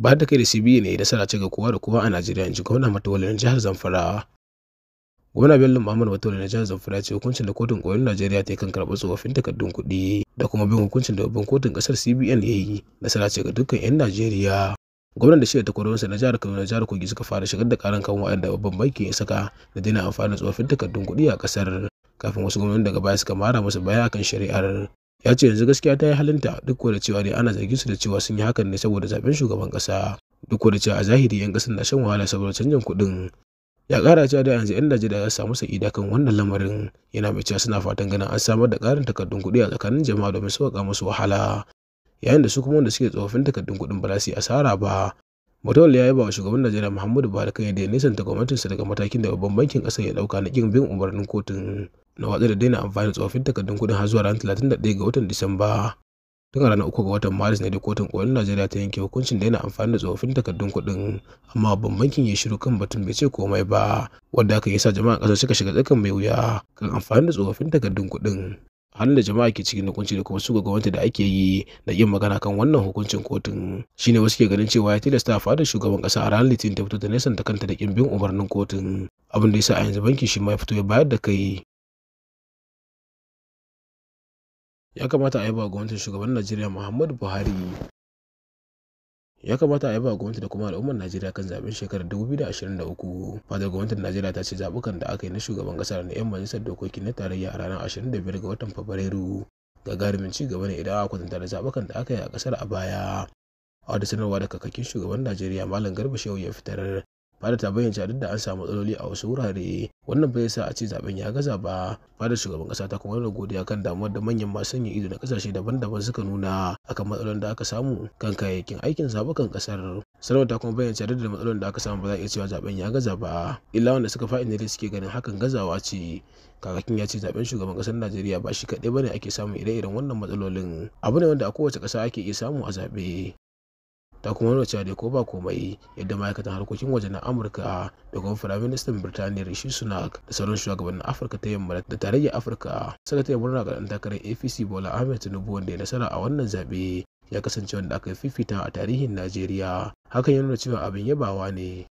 bayan da kai da cba ne da sana ce ga kowa da kowa a najeriya in ji gwamna matawalin jihar zamfara gwamna bello muhammad matawalin jihar zamfara ce hukuncin da kotun koyon najeriya ta yi kan karɓar tsofaffin takardun kuɗi da kuma bin hukuncin da babban kotun ƙasar cbn ya yi da sana ce ga dukkan 'yan najeriya gwamnan da shirya wasu na jihar kano na jihar kogi suka fara shigar da karan kan wa'anda babban banki ya saka da daina amfani da tsofaffin takardun kuɗi a kasar kafin wasu gwamnati daga baya suka mara musu baya a kan shari'ar ya ce yanzu gaskiya ta yi halinta duk da cewa ne ana zargin su da cewa sun yi hakan ne saboda zaben shugaban kasa duk da cewa a zahiri 'yan kasan na shan wahala saboda canjin kuɗin ya kara cewa da yanzu 'yan najeriya za su samu sa'ida kan wannan lamarin yana mai cewa suna fatan ganin an samar da ƙarin takardun kuɗi a tsakanin jama'a domin sauƙaƙa musu wahala yayin da su kuma wanda suke tsofaffin takardun kuɗin ba za su yi asara ba Mutawalli ya yaba wa shugaban Najeriya Muhammadu Buhari kan yadda ya nisanta gwamnatinsa daga matakin da babban bankin ƙasar ya ɗauka na ƙin bin umarnin kotun na watsa da daina amfani da tsofaffin takardun kuɗin har zuwa ranar 31 ga watan Disamba. Tun ranar uku ga watan Maris ne da kotun kolin Najeriya ta yanke hukuncin daina amfani da tsofaffin takardun kuɗin amma babban bankin ya shiru kan batun bai ce komai ba wanda hakan yasa jama'a ƙasar suka shiga tsakan mai wuya kan amfani da tsofaffin takardun kuɗin. halin da jama'a ke cikin hukunci da kuma su gwamnati da ake yi da yin magana kan wannan hukuncin kotun shine wasu ke ganin cewa ya tilasta a fadar shugaban kasa a ranar litinin ta fito ta nesanta kanta da kimbin umarnin kotun abin da yasa a yanzu banki shi ma ya fito ya bayar da kai Ya kamata a yaba gwamnati gwamnatin shugaban Najeriya Muhammadu Buhari. Ya kamata a yi ba gwamnati da kuma al'ummar Najeriya kan zaɓen shekarar 2023. Fadar gwamnatin Najeriya ta ce zaɓukan da aka yi na shugaban kasar da na 'yan majalisar dokoki na tarayya a ranar 25 ga watan Fabrairu gagarumin ci gaba ne idan aka kwatanta da zaɓukan da aka yi a kasar a baya. A wata sanarwa da kakakin shugaban Najeriya Malam Garba Shehu ya fitar fada ta bayyana duk da an samu matsaloli a wasu wurare wannan bai sa a ce zaben ya gaza ba fada shugaban kasa ta kuma nuna godiya kan damuwar da manyan masu sanya ido na kasashe daban-daban suka nuna akan matsalolin da aka samu kan kayayyakin aikin zabukan kasar sanarwar ta kuma bayyana duk da matsalolin da aka samu ba za a iya cewa zaben ya gaza ba illa wanda suka ne da suke ganin hakan gazawa ce kakakin ya ce zaben shugaban kasar najeriya ba shi kaɗai ne ake samun ire-iren wannan matsalolin abu ne wanda a kowace ƙasa ake iya samu a zaɓe ta kuma nuna cewa da ko ba komai yadda ma'aikatan harkokin waje na amurka da kuma firaministan birtaniya rishi sunak da sauran shugabannin afirka ta yamma da tarayyar afirka suka taya murna ga takarar apc bola ahmed tinubu wanda ya nasara a wannan zaɓe ya kasance wanda aka fifita a tarihin najeriya hakan ya nuna cewa abin yabawa ne